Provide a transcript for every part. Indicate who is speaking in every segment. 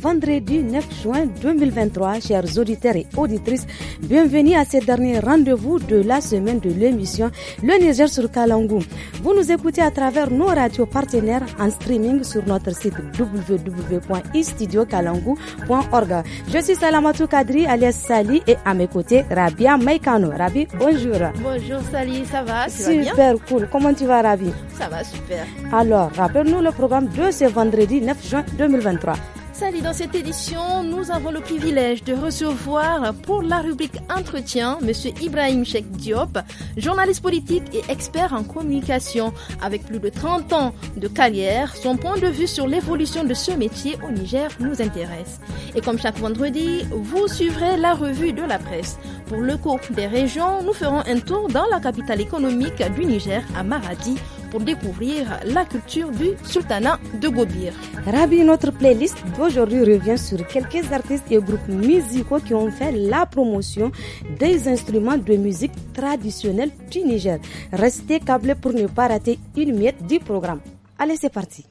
Speaker 1: vendredi 9 juin 2023. Chers auditeurs et auditrices, bienvenue à ce dernier rendez-vous de la semaine de l'émission Le Niger sur Kalangou. Vous nous écoutez à travers nos radios partenaires en streaming sur notre site www.istudiokalangou.org. Je suis Salamatou Kadri alias Sali et à mes côtés Rabia Maikano. Rabi, bonjour.
Speaker 2: Bonjour Sali, ça va Super
Speaker 1: cool. Comment tu vas Rabi
Speaker 2: Ça va super.
Speaker 1: Alors, rappelle-nous le programme de ce vendredi 9 juin 2023.
Speaker 2: Salut, dans cette édition, nous avons le privilège de recevoir pour la rubrique Entretien M. Ibrahim Sheikh Diop, journaliste politique et expert en communication. Avec plus de 30 ans de carrière, son point de vue sur l'évolution de ce métier au Niger nous intéresse. Et comme chaque vendredi, vous suivrez la revue de la presse. Pour le cours des régions, nous ferons un tour dans la capitale économique du Niger, à Maradi, pour découvrir la culture du sultanat de Gobir. Rabi, notre playlist
Speaker 1: d'aujourd'hui revient sur quelques artistes et groupes musicaux qui ont fait la promotion des instruments de musique traditionnelle du Niger. Restez câblés pour ne pas rater une miette du programme. Allez, c'est parti.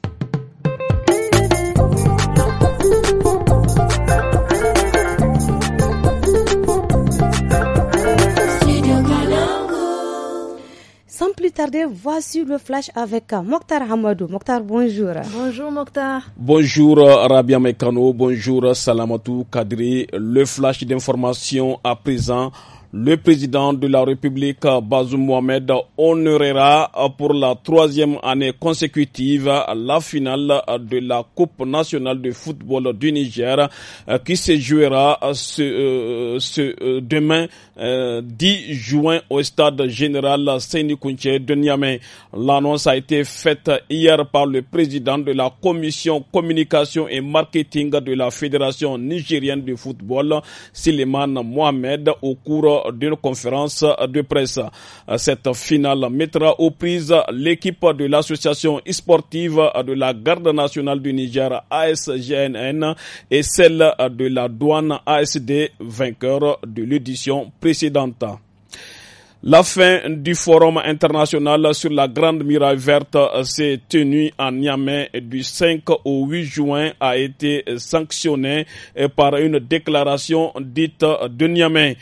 Speaker 1: plus tarder, voici le flash avec Mokhtar Hamadou. Mokhtar, bonjour. Bonjour Mokhtar.
Speaker 3: Bonjour euh, Rabia Mekano, bonjour Salamatou Kadri. Le flash d'information à présent. Le président de la République, Bazoum Mohamed, honorera pour la troisième année consécutive la finale de la Coupe nationale de football du Niger euh, qui se jouera ce, euh, euh, demain 10 juin au stade général Sénikounché de Niamey. L'annonce a été faite hier par le président de la commission communication et marketing de la Fédération nigérienne de football, Sileman Mohamed, au cours d'une conférence de presse. Cette finale mettra aux prises l'équipe de l'association sportive de la Garde nationale du Niger ASGNN et celle de la douane ASD, vainqueur de l'édition précédente. La fin du forum international sur la Grande Muraille Verte s'est tenue à Niamey du 5 au 8 juin a été sanctionnée par une déclaration dite de Niamey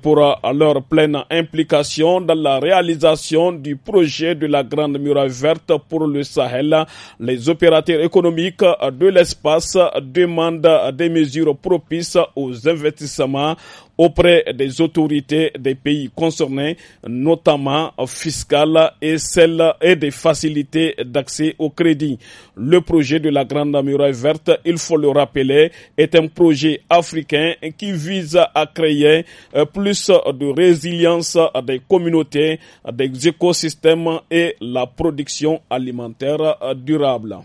Speaker 3: pour leur pleine implication dans la réalisation du projet de la Grande Muraille Verte pour le Sahel. Les opérateurs économiques de l'espace demandent des mesures propices aux investissements auprès des autorités des pays concernés, notamment fiscales et celles et des facilités d'accès au crédit. Le projet de la Grande Muraille Verte, il faut le rappeler, est un projet africain qui vise à créer euh, plus de résilience des communautés, des écosystèmes et la production alimentaire euh, durable.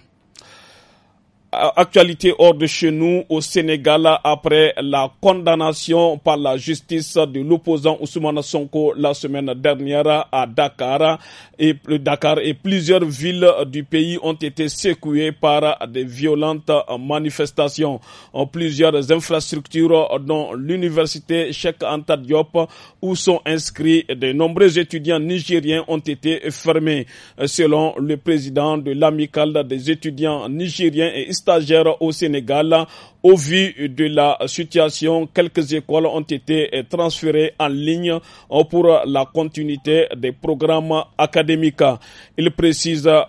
Speaker 3: Euh, actualité hors de chez nous au Sénégal après la condamnation par la justice de l'opposant Ousmane Sonko la semaine dernière à Dakar et Dakar et plusieurs villes du pays ont été secouées par des violentes manifestations. Plusieurs infrastructures dont l'université Cheikh Anta Diop où sont inscrits de nombreux étudiants nigériens ont été fermés selon le président de l'amicale des étudiants nigériens et stagiaire au Sénégal au vu de la situation, quelques écoles ont été transférées en ligne euh, pour la continuité des programmes académiques. Il précise euh,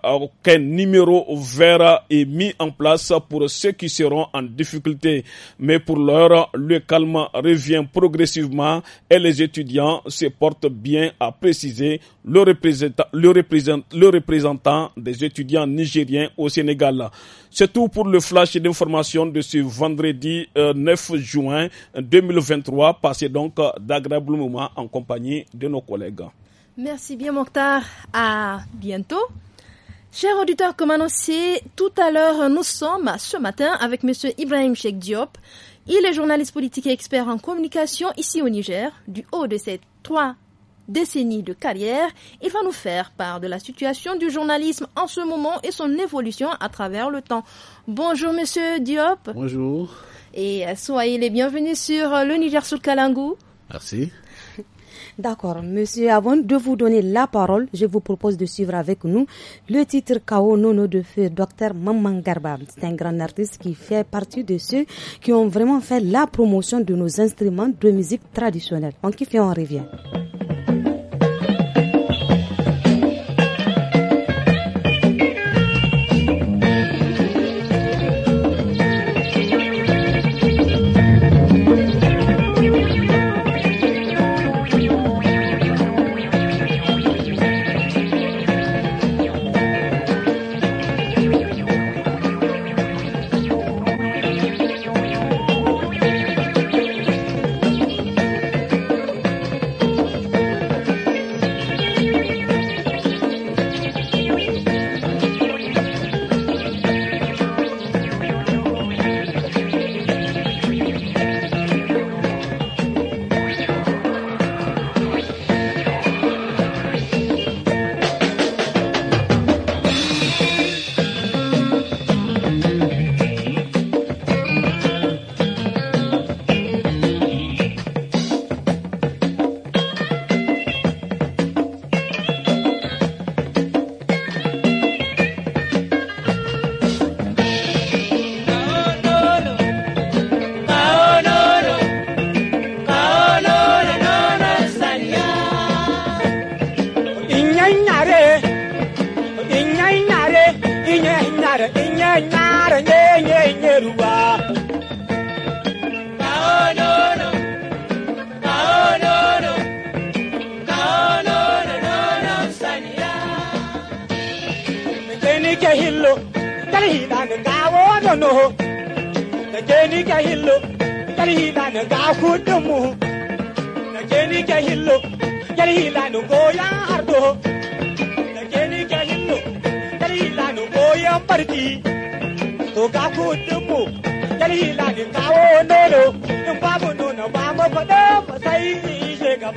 Speaker 3: qu'un numéro vert est mis en place pour ceux qui seront en difficulté. Mais pour l'heure, le calme revient progressivement et les étudiants se portent bien, à préciser le représentant, des étudiants nigériens au Sénégal. C'est tout pour le flash d'information de ce vendredi 9 euh, juin 2023. Euh, Passez donc euh, d'agréables moments en compagnie de nos collègues.
Speaker 2: Merci bien, Mokhtar. À bientôt. Chers auditeurs, comme annoncé tout à l'heure, nous sommes ce matin avec M. Ibrahim Sheikh Diop. Il est journaliste politique et expert en communication ici au Niger. Du haut de ses trois Décennies de carrière, il va nous faire part de la situation du journalisme en ce moment et son évolution à travers le temps. Bonjour Monsieur Diop. Bonjour. Et euh, soyez les bienvenus sur euh, le Niger sur
Speaker 4: Merci.
Speaker 1: D'accord, monsieur, avant de vous donner la parole, je vous propose de suivre avec nous le titre K.O. Nono de feu docteur Maman Garba. C'est un grand artiste qui fait partie de ceux qui ont vraiment fait la promotion de nos instruments de musique traditionnelle. On kiffe on revient.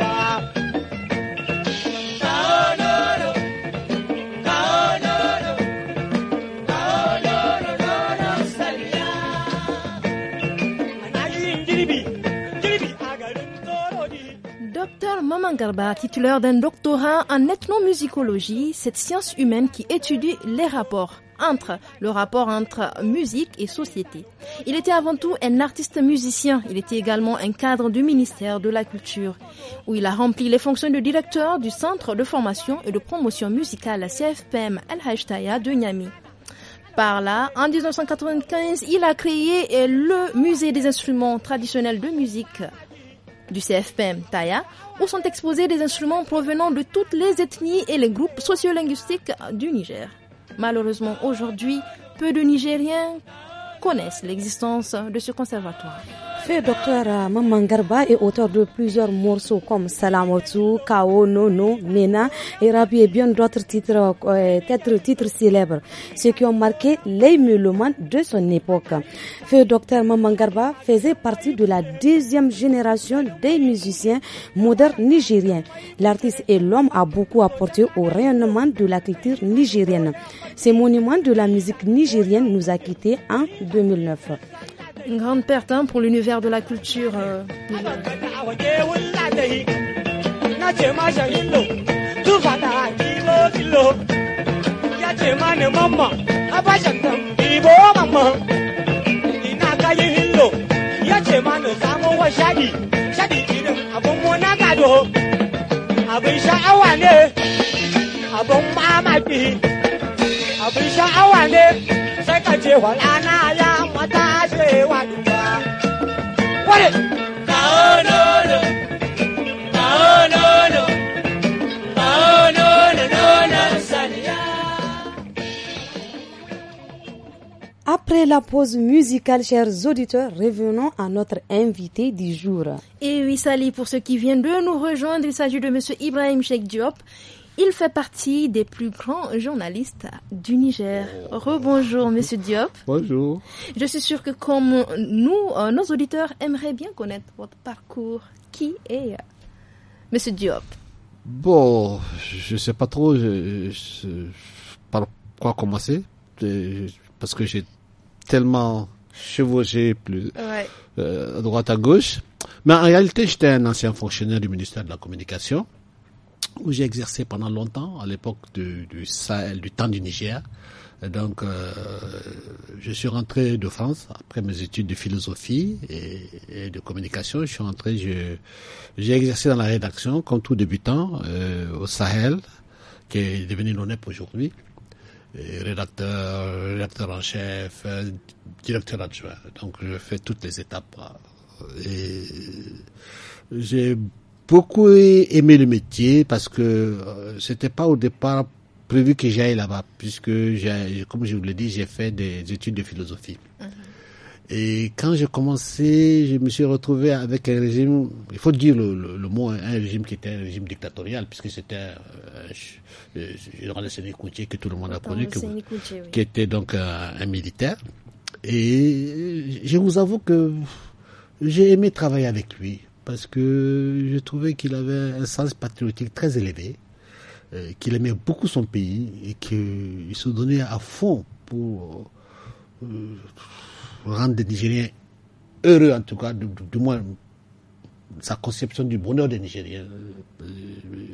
Speaker 5: Ah.
Speaker 2: titulaire d'un doctorat en ethnomusicologie, cette science humaine qui étudie les rapports entre le rapport entre musique et société. Il était avant tout un artiste musicien. Il était également un cadre du ministère de la Culture, où il a rempli les fonctions de directeur du Centre de formation et de promotion musicale CFPM Al-Hajtaya de Niamey. Par là, en 1995, il a créé le Musée des instruments traditionnels de musique du CFPM Taya, où sont exposés des instruments provenant de toutes les ethnies et les groupes sociolinguistiques du Niger. Malheureusement, aujourd'hui, peu de Nigériens connaissent l'existence de ce conservatoire.
Speaker 1: Feu docteur euh, Mamangarba est auteur de plusieurs morceaux comme Salamotu, Kao, Nono, Nena et et bien d'autres titres, euh, titres célèbres, ceux qui ont marqué les de son époque. Feu docteur Mamangarba faisait partie de la deuxième génération des musiciens modernes nigériens. L'artiste et l'homme a beaucoup apporté au rayonnement de la culture nigérienne. Ces monuments de la musique nigérienne nous a quittés en 2009
Speaker 2: une grande perte hein, pour l'univers de la culture. Euh,
Speaker 1: Après la pause musicale, chers auditeurs, revenons à notre invité du jour.
Speaker 2: Et oui, Sally, pour ceux qui viennent de nous rejoindre, il s'agit de M. Ibrahim Sheikh Diop. Il fait partie des plus grands journalistes du Niger. Oh. Rebonjour, Monsieur Diop. Bonjour. Je suis sûr que comme nous, euh, nos auditeurs aimeraient bien connaître votre parcours. Qui est euh, Monsieur Diop
Speaker 4: Bon, je ne sais pas trop je, par quoi commencer, parce que j'ai tellement chevauché plus euh, à droite à gauche. Mais en réalité, j'étais un ancien fonctionnaire du ministère de la Communication où j'ai exercé pendant longtemps, à l'époque du, du, Sahel, du temps du Niger. donc, euh, je suis rentré de France après mes études de philosophie et, de communication. Je suis rentré, j'ai exercé dans la rédaction comme tout débutant euh, au Sahel, qui est devenu l'ONEP aujourd'hui. Rédacteur, rédacteur en chef, euh, directeur adjoint. Donc, je fais toutes les étapes. Et j'ai beaucoup aimé le métier parce que euh, c'était pas au départ prévu que j'aille là-bas, puisque, comme je vous l'ai dit, j'ai fait des études de philosophie. Mhm. Et quand j'ai commencé, je me suis retrouvé avec un régime, il faut dire le, le, mot, hein, un régime qui était un régime dictatorial, puisque c'était euh, le général Séné que tout le monde a connu, qui était donc un militaire. Et je vous avoue que j'ai aimé travailler avec lui parce que je trouvais qu'il avait un sens patriotique très élevé, euh, qu'il aimait beaucoup son pays et qu'il se donnait à fond pour euh, rendre les Nigériens heureux, en tout cas, du, moins sa conception du bonheur des Nigériens. Euh,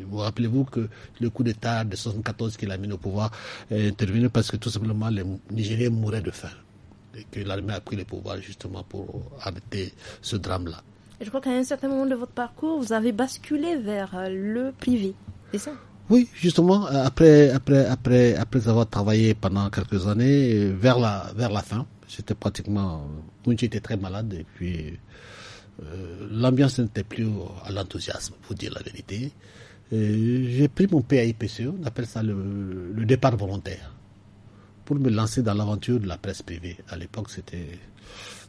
Speaker 4: vous rappelez-vous que le coup d'État de 1974 qu'il a mis au pouvoir est intervenu parce que tout simplement les Nigériens mouraient de faim et que l'armée a pris le pouvoir justement pour arrêter ce drame-là
Speaker 2: je crois qu'à un certain moment de votre parcours, vous avez basculé vers euh, le privé, c'est ça
Speaker 4: oui, justement, euh, après, après, après, après avoir travaillé pendant quelques années, euh, vers la, vers la fin, c'était pratiquement, j'étais très malade et puis l'ambiance n'était plus à l'enthousiasme, pour dire la vérité. J'ai pris mon PAIPCE, on appelle ça le, le, départ volontaire, pour me lancer dans l'aventure de la presse privée. À l'époque, c'était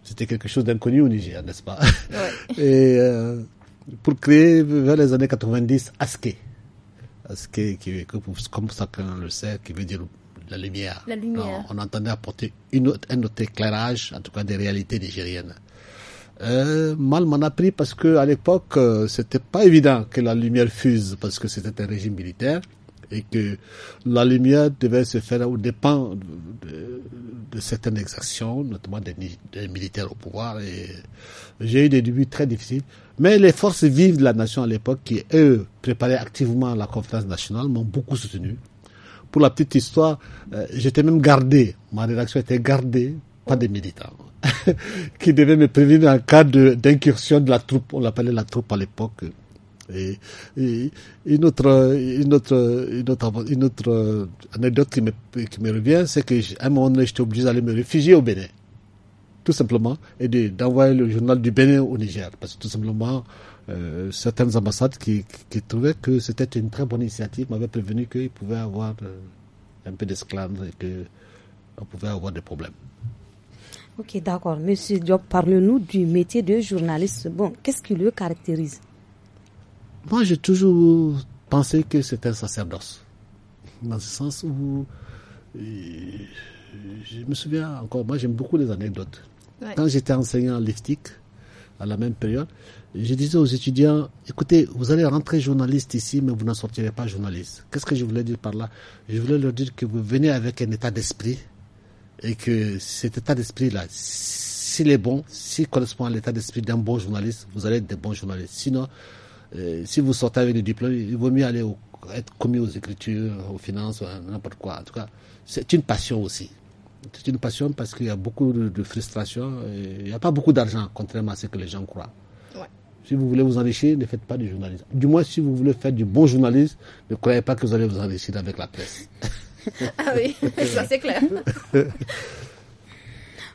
Speaker 4: c'était quelque chose d'inconnu au Niger, n'est-ce pas Et euh, pour créer, vers les années 90, ASKE. ASKE, qui, comme chacun le sait, qui veut dire la lumière. on entendait apporter une autre, un autre éclairage, en tout cas des réalités nigériennes. Euh, mal m'en a pris parce que à l'époque, ce euh, c'était pas évident que la lumière fuse parce que c'était un régime militaire et que la lumière devait se faire au dépend de, certaines exactions, notamment des, militaires au pouvoir. j'ai eu des débuts très difficiles. Mais les forces vives de la nation à l'époque, qui eux préparaient activement la conférence nationale, m'ont beaucoup soutenu. Pour la petite histoire, euh, j'étais même gardé, ma rédaction était gardée par des militants qui devaient me prévenir en cas d'incursion de, de la troupe, on l'appelait la troupe à l'époque, et, une, autre, anecdote qui me, revient, c'est qu'à un moment donné, j'étais obligé d'aller me réfugier au Bénin, tout simplement, et d'envoyer le journal du Bénin au Niger, parce que tout simplement, euh, certaines ambassades qui, trouvaient que c'était une très bonne initiative m'avaient prévenu qu'ils pouvaient avoir euh, un peu d'esclaves et que on pouvait avoir des problèmes.
Speaker 1: Ok, d'accord. Monsieur Diop, parle-nous du métier de journaliste. Bon, qu'est-ce qui le caractérise
Speaker 4: moi, j'ai toujours pensé que c'était un sacerdoce. Dans le sens où, je me souviens encore, moi j'aime beaucoup les anecdotes. Quand j'étais enseignant en liftique, à la même période, je disais aux étudiants, écoutez, vous allez rentrer journaliste ici, mais vous n'en sortirez pas journaliste. Qu'est-ce que je voulais dire par là Je voulais leur dire que vous venez avec un état d'esprit et que cet état d'esprit-là, s'il est bon, s'il correspond à l'état d'esprit d'un bon journaliste, vous allez être des bons journalistes. Sinon, euh, si vous sortez avec des diplômes, il vaut mieux aller être commis aux écritures, aux finances, hein, n'importe quoi. En tout cas, c'est une passion aussi. C'est une passion parce qu'il y a beaucoup de, frustration. il n'y a pas beaucoup d'argent, contrairement à ce que les gens croient. Si vous voulez vous enrichir, ne faites pas du journalisme. Du moins, si vous voulez faire du bon journalisme, ne croyez pas que vous allez vous enrichir avec la presse.
Speaker 6: ah oui,
Speaker 2: ça c'est clair.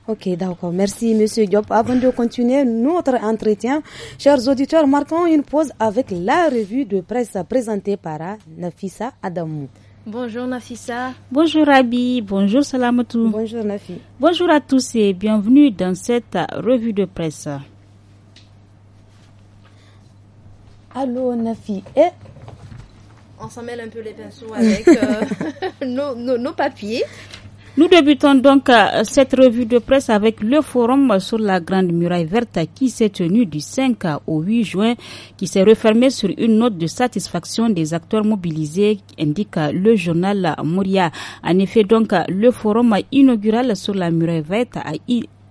Speaker 1: Ok, d'accord. Merci, Monsieur Diop. Avant de continuer notre entretien, chers auditeurs, marquons une pause avec la revue de presse présentée par Nafissa Adamou.
Speaker 7: Bonjour Nafissa. Bonjour Rabi. Bonjour Salamatou.
Speaker 1: Bonjour Nafi.
Speaker 7: Bonjour à tous et bienvenue dans cette revue de presse.
Speaker 1: Allô Nafi.
Speaker 7: Eh?
Speaker 2: on s'en mêle un peu les pinceaux avec euh, nos papiers.
Speaker 7: Nous débutons donc euh, cette revue de presse avec le forum sur la Grande Muraille Verte qui s'est tenu du 5 au 8 juin, qui s'est refermé sur une note de satisfaction des acteurs mobilisés, indique le journal Moria. En effet, donc, le forum inaugural sur la Muraille Verte a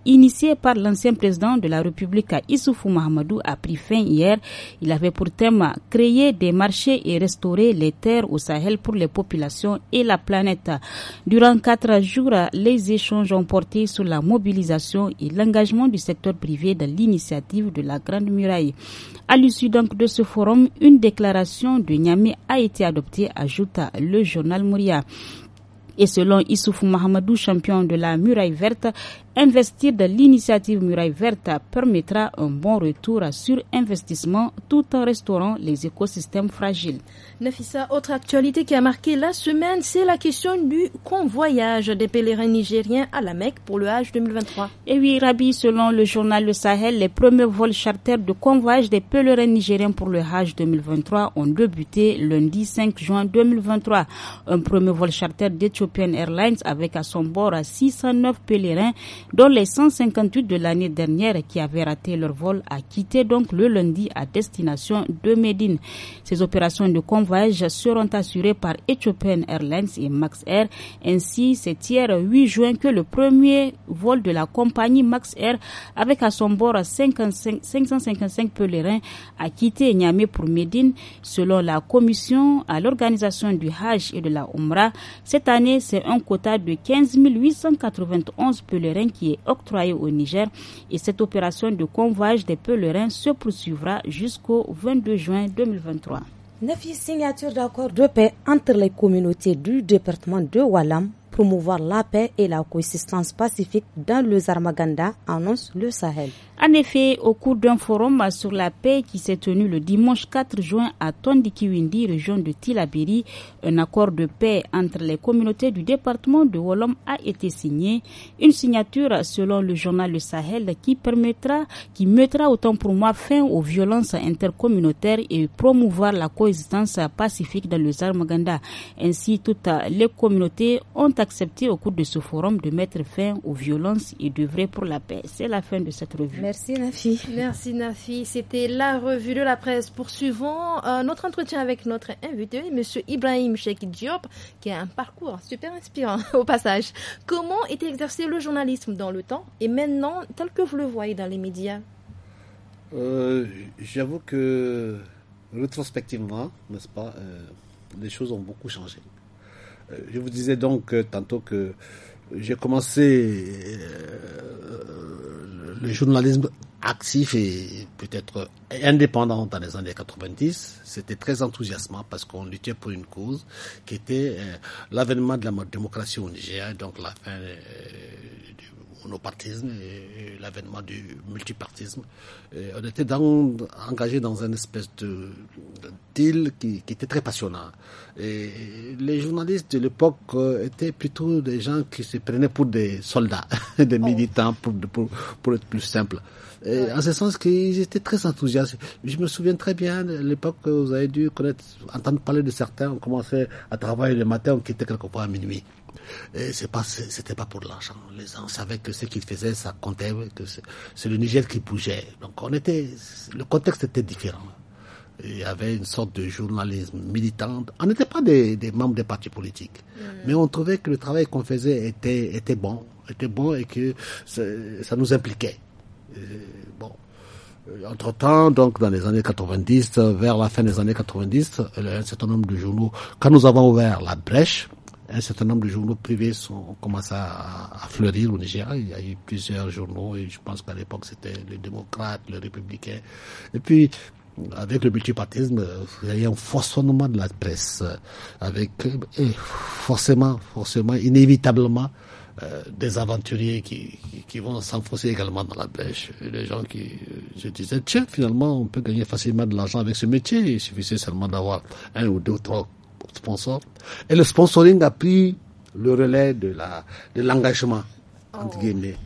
Speaker 7: initié par l'ancien président de la République Issoufou Mahamadou a pris fin hier. Il avait pour thème créer des marchés et restaurer les terres au Sahel pour les populations et la planète. Durant quatre jours, les échanges ont porté sur la mobilisation et l'engagement du secteur privé dans l'initiative de la Grande Muraille. À l'issue donc de ce forum, une déclaration de Niamey a été adoptée, ajoute le journal Mouria. Et selon Issoufou Mahamadou, champion de la muraille verte, Investir dans l'initiative Muraille Verte permettra un bon retour sur investissement tout en restaurant les écosystèmes fragiles.
Speaker 2: Nafissa, autre actualité qui a marqué la semaine, c'est la question du
Speaker 7: convoyage des pèlerins nigériens à la Mecque pour le Hajj 2023. Et oui, Rabi, selon le journal Le Sahel, les premiers vols charters de convoyage des pèlerins nigériens pour le Hajj 2023 ont débuté lundi 5 juin 2023. Un premier vol charter d'Ethiopian Airlines avec à son bord 609 pèlerins dont les 158 de l'année dernière qui avaient raté leur vol a quitté donc le lundi à destination de Médine. Ces opérations de convoyage seront assurées par Ethiopian Airlines et Max Air. Ainsi, c'est hier 8 juin que le premier vol de la compagnie Max Air avec à son bord 555 pèlerins a quitté Niamey pour Médine. Selon la commission à l'organisation du Hajj et de la Omra, cette année, c'est un quota de 15 891 pèlerins qui est octroyée au Niger et cette opération de convoiage des pèlerins se poursuivra jusqu'au 22 juin 2023.
Speaker 1: Neuf signatures d'accord de paix entre les communautés du département de Walam, promouvoir la paix et la coexistence pacifique dans le Zarmaganda, annonce le Sahel.
Speaker 7: En effet, au cours d'un forum sur la paix qui s'est tenu le dimanche 4 juin à Tondikiwindi, région de Tilabiri, un accord de paix entre les communautés du département de Wolom a été signé. Une signature, selon le journal Le Sahel, qui permettra, qui mettra autant pour moi fin aux violences intercommunautaires et promouvoir la coexistence pacifique dans le Zarmaganda. Ainsi, toutes les communautés ont accepté au cours de ce forum de mettre fin aux violences et d'œuvrer pour la paix. C'est la fin de cette revue. Merci
Speaker 2: Nafi. Merci Nafi. C'était la revue de la presse. Poursuivons euh, notre entretien avec notre invité, M. Ibrahim Sheikh Diop, qui a un parcours super inspirant au passage. Comment était exercé le journalisme dans le temps et maintenant tel que vous le voyez dans les médias
Speaker 4: euh, J'avoue que rétrospectivement, n'est-ce pas, euh, les choses ont beaucoup changé. Euh, je vous disais donc euh, tantôt que j'ai commencé euh, le journalisme actif et peut-être indépendant dans les années 90, c'était très enthousiasmant parce qu'on luttait pour une cause qui était l'avènement de la démocratie au Niger, donc la fin monopartisme et, l'avènement du multipartisme. on était dans, engagé dans une espèce de, deal qui, qui, était très passionnant. Et les journalistes de l'époque euh, étaient plutôt des gens qui se prenaient pour des soldats, des oh. militants, pour, pour, pour être plus simple. Et en ce sens qu'ils étaient très enthousiastes. Je me souviens très bien, de l'époque, vous avez dû connaître, entendre parler de certains, on commençait à travailler le matin, on quittait quelquefois à minuit c'est pas, c'était pas pour l'argent. Les gens savaient que ce qu'ils faisaient, ça comptait, que c'est le Niger qui bougeait. Donc on était, le contexte était différent. Il y avait une sorte de journalisme militant. On n'était pas des, membres des partis politiques, mm. mais on trouvait que le travail qu'on faisait était, était bon, était bon et que ça nous impliquait. bon. Entre-temps, donc dans les années 90, vers la fin des années 90, un certain nombre de journaux, quand nous avons ouvert la brèche, un certain nombre de journaux privés sont commencé à, fleurir au Niger. Il y a eu plusieurs journaux et je pense qu'à l'époque c'était le démocrates, le Républicain. Et puis, avec le multipartisme, il y a eu un forçonnement de la presse, avec euh, forcément, forcément, inévitablement, euh, des aventuriers qui, vont s'enfoncer également dans la brèche. Les gens qui euh, se disaient, tiens, finalement, on peut gagner facilement de l'argent avec ce métier, il suffisait seulement d'avoir un ou deux, trois sponsor Et le sponsoring a pris le relais de la de l'engagement entre oh. guillemets.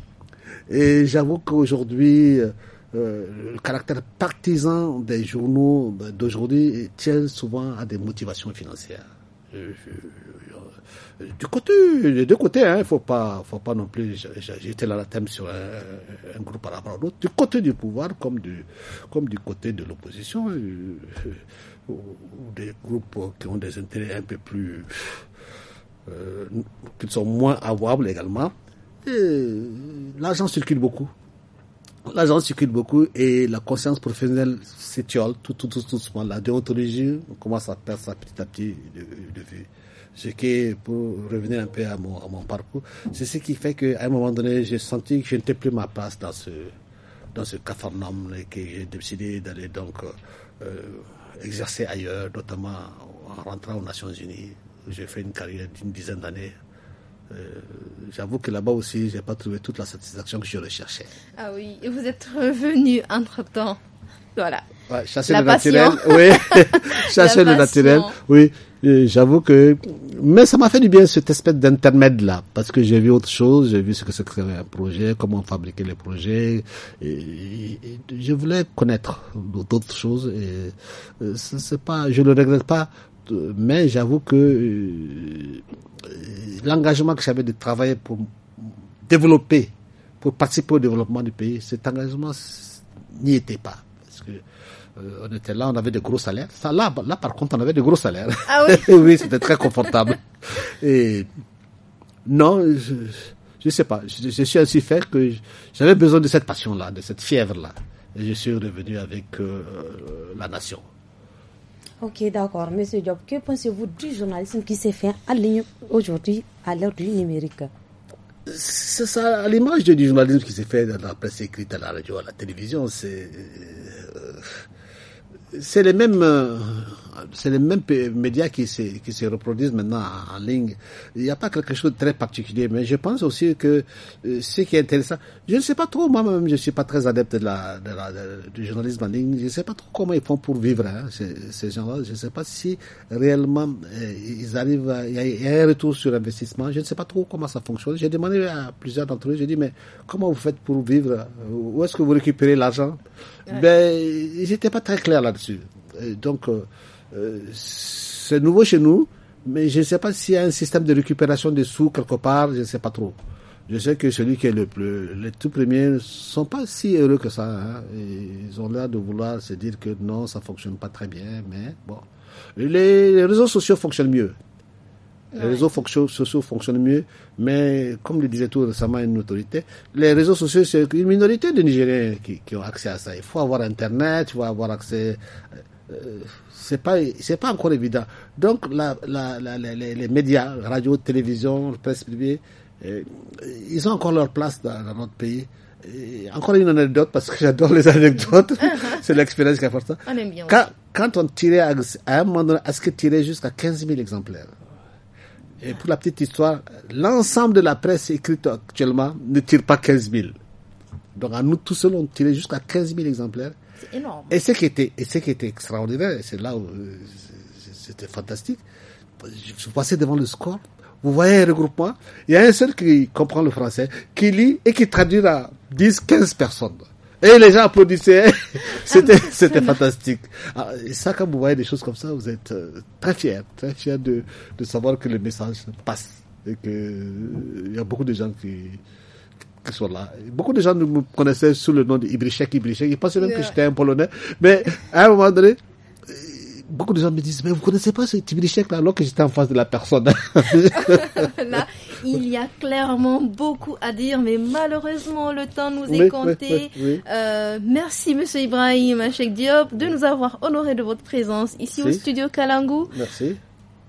Speaker 4: Et j'avoue qu'aujourd'hui, euh, le caractère partisan des journaux ben, d'aujourd'hui tient souvent à des motivations financières. Euh, euh, du côté, des deux côtés, il hein, faut pas, faut pas non plus là la thème sur un, groupe par rapport à l'autre. Du côté du pouvoir comme du, comme du côté de l'opposition ou, des groupes qui ont des intérêts un peu plus. Euh, qui sont moins avouables également. L'argent circule beaucoup. L'argent circule beaucoup et la conscience professionnelle s'étiole tout, tout, tout, tout doucement. La déontologie, on commence à perdre ça petit à petit de, vue ce qui, est, pour revenir un peu à mon, parcours, c'est ce qui fait qu'à un moment donné, j'ai senti que je n'étais plus ma place dans ce, dans ce cafarnum et que j'ai décidé d'aller donc euh, exercé ailleurs, notamment en rentrant aux Nations Unies. J'ai fait une carrière d'une dizaine d'années euh, j'avoue que là-bas aussi, j'ai pas trouvé toute la satisfaction que je recherchais.
Speaker 2: Ah oui, et vous êtes revenu entre-temps. Voilà.
Speaker 4: la oui. chasser le naturel, oui. j'avoue que, mais ça m'a fait du bien cette espèce d'intermède là, parce que j'ai vu autre chose, j'ai vu ce que c'était un projet, comment fabriquer les projets, et, je voulais connaître d'autres choses, et, euh, c'est pas, je le regrette pas, mais j'avoue que euh, l'engagement que j'avais de travailler pour développer, pour participer au développement du pays, cet engagement n'y était pas, parce que euh, on était là, on avait de gros salaires. là, par contre, on avait de gros salaires. Ah oui c'était très confortable. Et non, je, ne sais pas. Je, suis ainsi fait que j'avais besoin de cette passion-là, de cette fièvre-là. Et je suis revenu avec euh, la nation.
Speaker 1: Ok, d'accord. Monsieur Diop, que pensez-vous du journalisme qui s'est fait aujourd'hui à l'heure du numérique
Speaker 4: c'est ça, à l'image du journalisme qui s'est fait dans la presse écrite, à la radio, à la télévision, c'est euh, c'est les mêmes euh, c'est les mêmes médias qui se, qui se reproduisent maintenant en ligne. Il n'y a pas quelque chose de très particulier, mais je pense aussi que euh, ce qui est intéressant, je ne sais pas trop, moi-même, je ne suis pas très adepte de la, du journalisme en ligne, je ne sais pas trop comment ils font pour vivre, hein, ces, gens-là. Je ne sais pas si réellement euh, ils arrivent, il y, a un retour sur investissement, je ne sais pas trop comment ça fonctionne. J'ai demandé à plusieurs d'entre eux, j'ai dit, mais comment vous faites pour vivre Où est-ce que vous récupérez l'argent ben, ils n'étaient pas très clairs là-dessus. Donc, euh, euh, c'est nouveau chez nous, mais je ne sais pas s'il y a un système de récupération des sous quelque part, je ne sais pas trop. Je sais que celui qui est le plus, les tout premiers ne sont pas si heureux que ça. Hein. Ils ont l'air de vouloir se dire que non, ça fonctionne pas très bien, mais bon. les réseaux sociaux fonctionnent mieux. Les réseaux sociaux fonctionnent mieux, mais comme le disait tout récemment une autorité, les réseaux sociaux, c'est une minorité de Nigériens qui, qui, ont accès à ça. Il faut avoir Internet, il faut avoir accès... Euh, c'est pas c'est pas encore évident. Donc les, médias, radio, télévision, presse privée, euh, ils ont encore leur place dans, notre pays. encore une anecdote parce que j'adore les anecdotes. c'est l'expérience qui est importante. quand, on tirait à, à un moment donné, est-ce que tirait jusqu'à 15 000 exemplaires et pour la petite histoire, l'ensemble de la presse écrite actuellement ne tire pas 15 000. Donc, à nous tous seuls, on tirait jusqu'à 15 000 exemplaires.
Speaker 2: C'est énorme. Et
Speaker 4: ce qui était, et ce qui était extraordinaire, c'est là où euh, c'était fantastique. Je suis passé devant le score. Vous voyez un regroupement. Il y a un seul qui comprend le français, qui lit et qui traduit à 10, 15 personnes. Et les gens applaudissaient. c'était, c'était fantastique. Ah, et ça, quand vous voyez des choses comme ça, vous êtes euh, très fiers, très fiers de, de savoir que le message passe et que euh, il y a beaucoup de gens qui, qui sont là. Beaucoup de gens me connaissaient sous le nom d'Ibrichek, Ibrichek. Ils pensaient même que j'étais un Polonais. Mais à un moment donné, beaucoup de gens me disent, mais vous connaissez pas ce type là, alors que j'étais en face de la personne.
Speaker 2: il y a clairement beaucoup à dire, mais malheureusement, le temps nous est compté. Euh, merci, monsieur Ibrahim Chèque Diop, de nous avoir honoré de votre présence ici au studio Kalangu. Merci.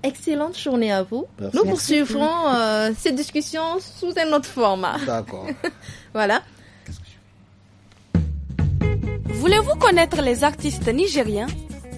Speaker 2: Excellente journée à vous. Nous poursuivrons euh, cette discussion sous un autre format. D'accord. voilà.
Speaker 8: Voulez-vous connaître les artistes nigériens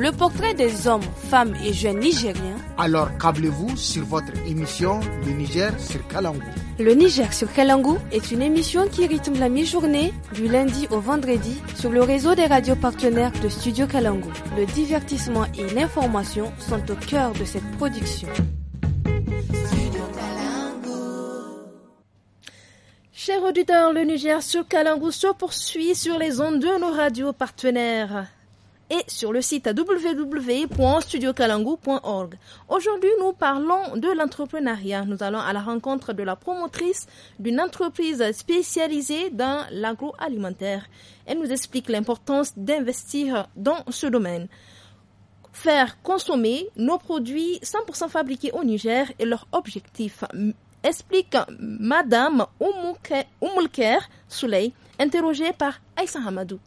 Speaker 8: le portrait des hommes, femmes et jeunes nigériens.
Speaker 9: Alors câblez-vous sur votre émission Le Niger sur Kalangou.
Speaker 8: Le Niger sur Kalangou est une émission qui rythme la mi-journée du lundi au vendredi sur le réseau des radios partenaires de Studio Kalangou. Le divertissement et l'information sont au cœur de cette production.
Speaker 2: Chers auditeurs, le Niger sur Kalangou se poursuit sur les ondes de nos radios partenaires et sur le site www.studiokalangu.org. Aujourd'hui, nous parlons de l'entrepreneuriat. Nous allons à la rencontre de la promotrice d'une entreprise spécialisée dans l'agroalimentaire. Elle nous explique l'importance d'investir dans ce domaine. Faire consommer nos produits 100% fabriqués au Niger est leur objectif, explique Madame Oumulker Souley, interrogée par Aïssa Hamadou.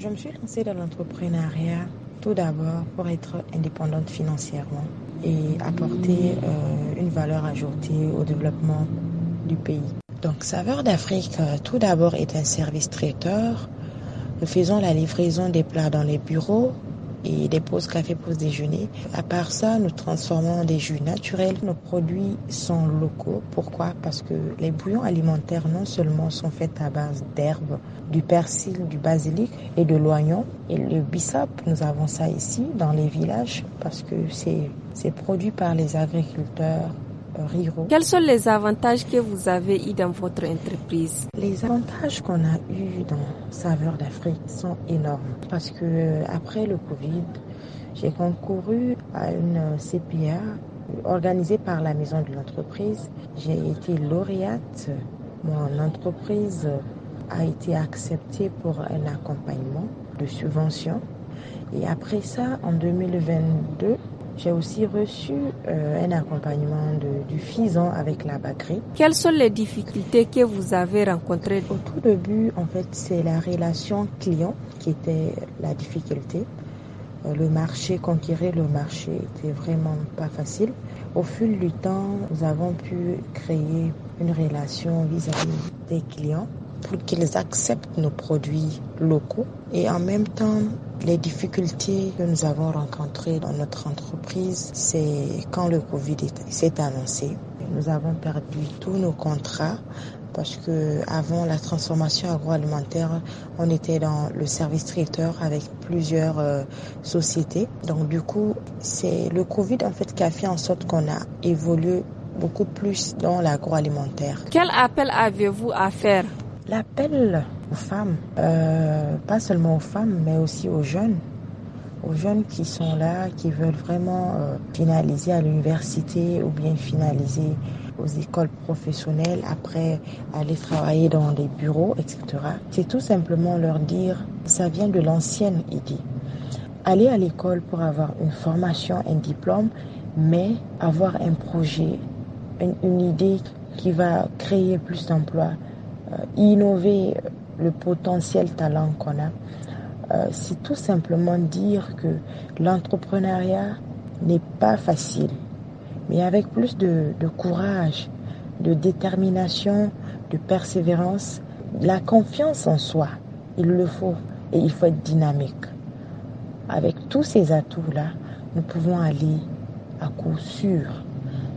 Speaker 2: Je me suis lancée dans l'entrepreneuriat tout d'abord pour être indépendante financièrement et
Speaker 10: apporter euh, une valeur ajoutée au développement du pays. Donc Saveur d'Afrique, euh, tout d'abord, est un service traiteur. Nous faisons la livraison des plats dans les bureaux et des pauses café, pauses déjeuner. À part ça, nous transformons des jus naturels. Nos produits sont locaux. Pourquoi Parce que les bouillons alimentaires non seulement sont faits à base d'herbes, du persil, du basilic et de l'oignon. Et le bissap, nous avons ça ici dans les villages parce que c'est produit par les agriculteurs euh, Quels
Speaker 8: sont les avantages que vous avez eus dans votre entreprise
Speaker 10: Les avantages qu'on a eus dans Saveur d'Afrique sont énormes parce que euh, après le Covid, j'ai concouru à une euh, CPA organisée par la maison de l'entreprise. J'ai été lauréate. Mon entreprise a été acceptée pour un accompagnement de subvention. Et après ça, en 2022, j'ai aussi reçu euh, un accompagnement du Fison hein, avec la BACRI.
Speaker 8: Quelles sont les difficultés que vous avez
Speaker 10: rencontrées Au tout début, en fait, c'est la relation client qui était la difficulté. Euh, le marché, conquérir le marché était vraiment pas facile. Au fil du temps, nous avons pu créer une relation vis à -vis des clients pour qu'ils acceptent nos produits locaux et en même temps les difficultés que nous avons rencontrées dans notre entreprise, c'est quand le Covid s'est annoncé. Nous avons perdu tous nos contrats parce que avant la transformation agroalimentaire, on était dans le service traiteur avec plusieurs euh, sociétés. Donc du coup, c'est le Covid en fait qui a fait en sorte qu'on a évolué beaucoup plus dans l'agroalimentaire.
Speaker 8: Quel appel avez-vous à faire l'appel
Speaker 10: aux femmes, euh, pas seulement aux femmes, mais aussi aux jeunes, aux jeunes qui sont là, qui veulent vraiment euh, finaliser à l'université ou bien finaliser aux écoles professionnelles, après aller travailler dans des bureaux, etc. C'est tout simplement leur dire, ça vient de l'ancienne idée. Aller à l'école pour avoir une formation, un diplôme, mais avoir un projet, une idée qui va créer plus d'emplois, euh, innover le potentiel talent qu'on a, euh, c'est tout simplement dire que l'entrepreneuriat n'est pas facile. Mais avec plus de, courage, de détermination, de persévérance, la confiance en soi, il le faut et il faut être dynamique. Avec tous ces atouts-là, nous pouvons aller à coup sûr.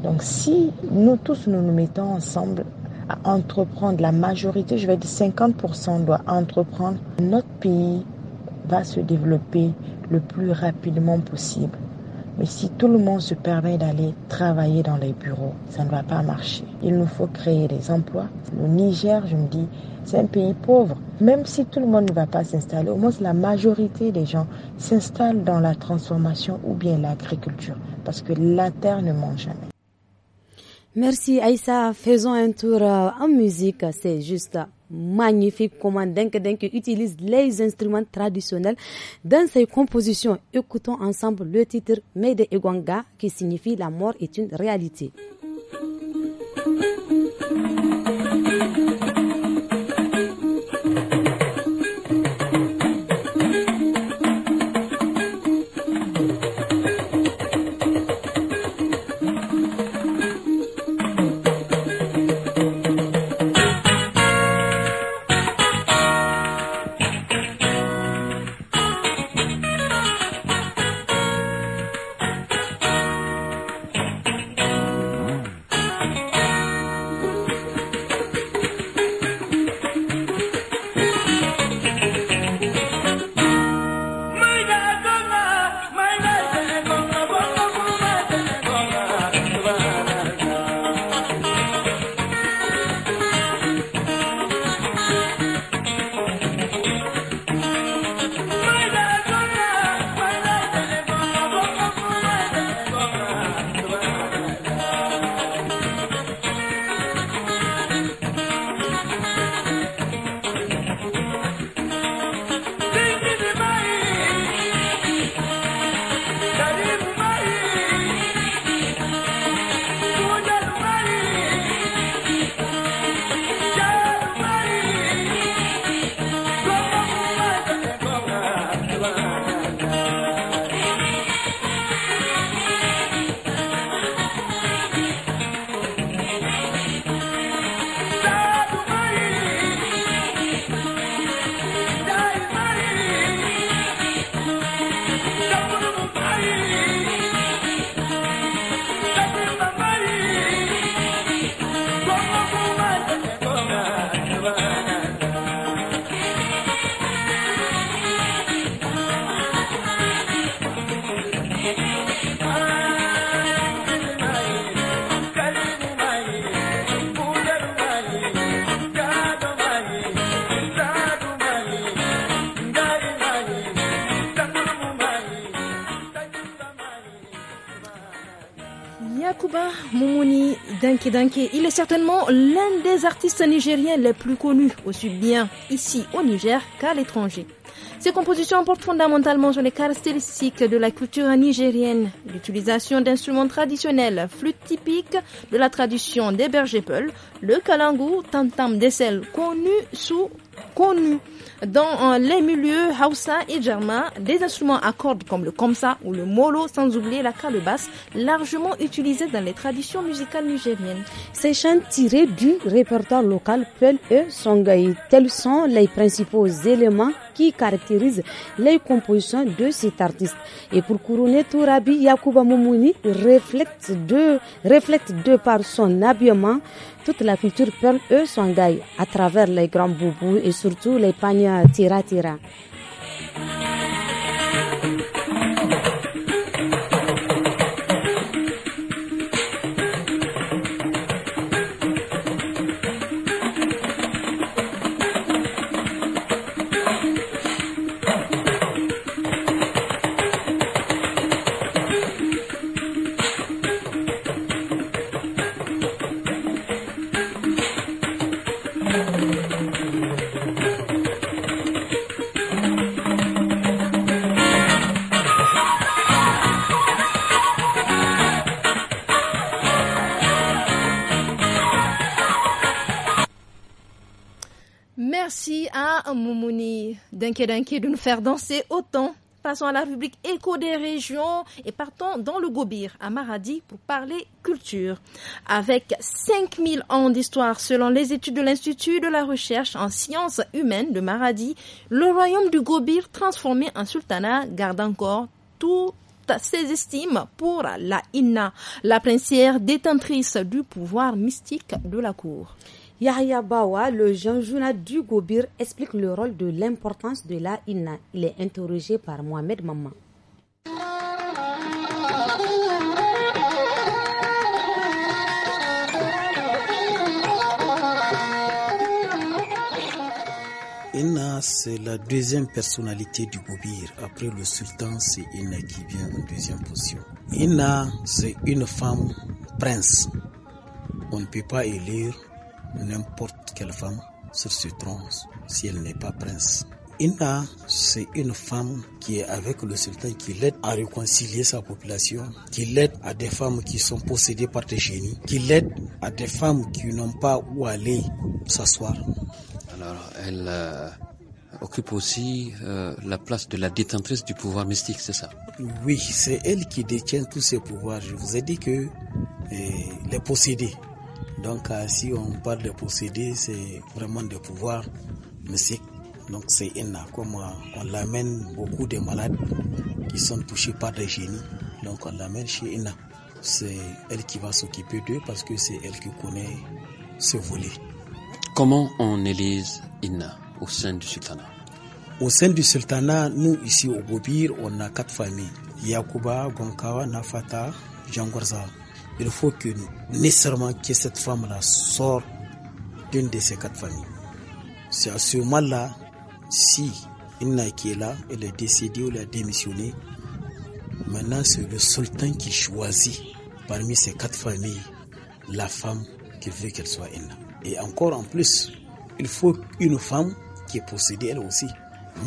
Speaker 10: Donc si nous tous nous nous mettons ensemble à entreprendre. La majorité, je vais dire 50% doit entreprendre. Notre pays va se développer le plus rapidement possible. Mais si tout le monde se permet d'aller travailler dans les bureaux, ça ne va pas marcher. Il nous faut créer des emplois. Le Niger, je me dis, c'est un pays pauvre. Même si tout le monde ne va pas s'installer, au moins la majorité des gens s'installent dans la transformation ou bien l'agriculture, parce que la terre ne mange
Speaker 1: jamais. Merci Aïssa, faisons un tour euh, en musique, c'est juste magnifique comment Denke Denke utilise les instruments traditionnels dans ses compositions. Écoutons ensemble le titre Mede Egwanga qui signifie la mort est une réalité.
Speaker 2: Il est certainement l'un des artistes nigériens les plus connus, aussi bien ici au Niger qu'à l'étranger. Ses compositions portent fondamentalement sur les caractéristiques de la culture nigérienne, l'utilisation d'instruments traditionnels, flûtes typiques de la tradition des bergers le kalangu, tantam des connu sous connus dans euh, les milieux Hausa et Germain, des instruments à cordes comme le Komsa ou le Molo, sans oublier la basse, largement utilisés dans les traditions musicales nigériennes.
Speaker 1: Ces chants tirés du répertoire local peuvent et Songaï. tels sont les principaux éléments qui caractérisent les compositions de cet artiste. Et pour couronner tout, rabi, Yakuba Moumouni reflète de, reflète de par son habillement toute la culture peul, eux, sont à travers les grands boubous et surtout les pagnes tira-tira.
Speaker 2: Denkedenke de nous faire danser autant. Passons à la rubrique écho des régions et partons dans le Gobir, à Maradi, pour parler culture. Avec 5000 ans d'histoire selon les études de l'Institut de la recherche en sciences humaines de Maradi, le royaume du Gobir transformé en sultanat garde encore toutes ses estimes pour la Inna, la princière détentrice du pouvoir mystique de la cour. Yahya Bawa, le jeune
Speaker 1: journal du Gobir, explique le rôle de l'importance de la INA. Il est interrogé par Mohamed Maman.
Speaker 9: Inna, c'est la deuxième personnalité du Gobir. Après le sultan, c'est Inna qui vient en deuxième position. Inna, c'est une femme prince. On ne peut pas élire n'importe quelle femme sur ce tronc si elle n'est pas prince. Inna, c'est une femme qui est avec le sultan, qui l'aide à réconcilier sa population, qui l'aide à des femmes qui sont possédées par des génies, qui l'aide à des femmes qui n'ont pas où aller s'asseoir.
Speaker 11: Alors, elle euh, occupe aussi euh, la place de la détentrice du pouvoir mystique, c'est ça
Speaker 9: Oui, c'est elle qui détient tous ses pouvoirs. Je vous ai dit que eh, les possédés donc euh, si on parle de posséder, c'est vraiment de pouvoir mais Donc c'est Inna, comme euh, on l'amène beaucoup de malades qui sont touchés par des génies. Donc on l'amène chez Inna. C'est elle qui va s'occuper d'eux parce que c'est elle qui connaît ce volet.
Speaker 11: Comment on élise Inna au sein du sultanat
Speaker 9: Au sein du sultanat, nous ici au Bobir, on a quatre familles. Yakuba, Gonkawa, Nafata, Jangorza il faut que nécessairement que cette femme-là sorte d'une de ces quatre familles. C'est à ce moment-là, si une qui est là, elle est décédée ou elle a démissionné, maintenant c'est le sultan qui choisit parmi ces quatre familles la femme qu'il veut qu'elle soit une. Et encore en plus, il faut une femme qui est possédée elle aussi.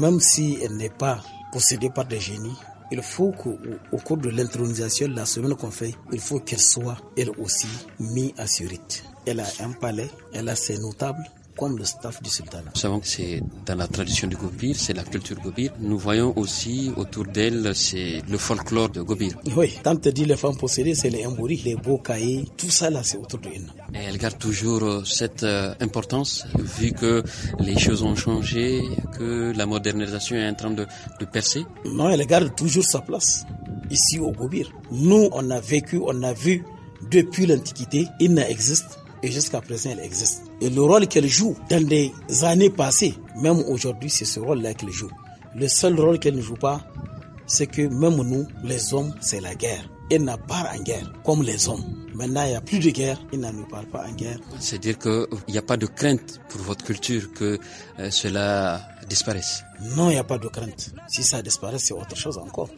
Speaker 9: Même si elle n'est pas possédée par des génies, il faut qu'au cours de l'intronisation, la semaine qu'on fait, il faut qu'elle soit elle aussi mise à surite. Elle a un palais, elle a ses notables, comme le staff du sultan.
Speaker 11: Nous savons que c'est dans la tradition du Gobir, c'est la culture Gobir. Nous voyons aussi autour d'elle, c'est le folklore de Gobir.
Speaker 9: Oui, tant te dit les femmes possédées, c'est les Mbori, les Bokaï, tout ça là, c'est autour de
Speaker 11: elle garde toujours euh, cette euh, importance, vu que les choses ont changé, que la modernisation est en train de, de percer.
Speaker 9: Non, elle garde toujours sa place, ici au Gobir. Nous, on a vécu, on a vu, depuis l'Antiquité, il n'existe et jusqu'à présent elle existe. Et le rôle qu'elle joue dans les années passées, même aujourd'hui, c'est ce rôle-là qu'elle joue. Le seul rôle qu'elle ne joue pas, c'est que même nous, les hommes, c'est la guerre. Elle n'a pas en guerre, comme les hommes. Maintenant, il n'y a plus de guerre, il ne nous parle pas en guerre.
Speaker 11: C'est-à-dire qu'il n'y a pas de crainte pour votre culture
Speaker 9: que euh, cela disparaisse Non, il n'y a pas de crainte. Si ça disparaît, c'est autre chose encore.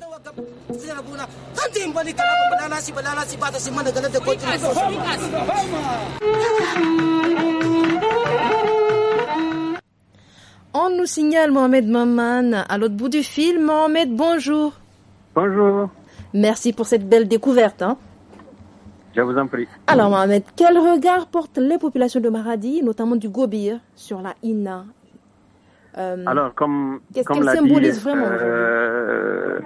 Speaker 2: On nous signale Mohamed Maman à l'autre bout du fil. Mohamed, bonjour. Bonjour. Merci pour cette belle découverte. Hein. Je vous en prie. Alors Mohamed, quel regard portent les populations de Maradi, notamment du Gobir, hein, sur la INA euh,
Speaker 11: Alors comme, qu'est-ce qu'elle symbolise vraiment euh,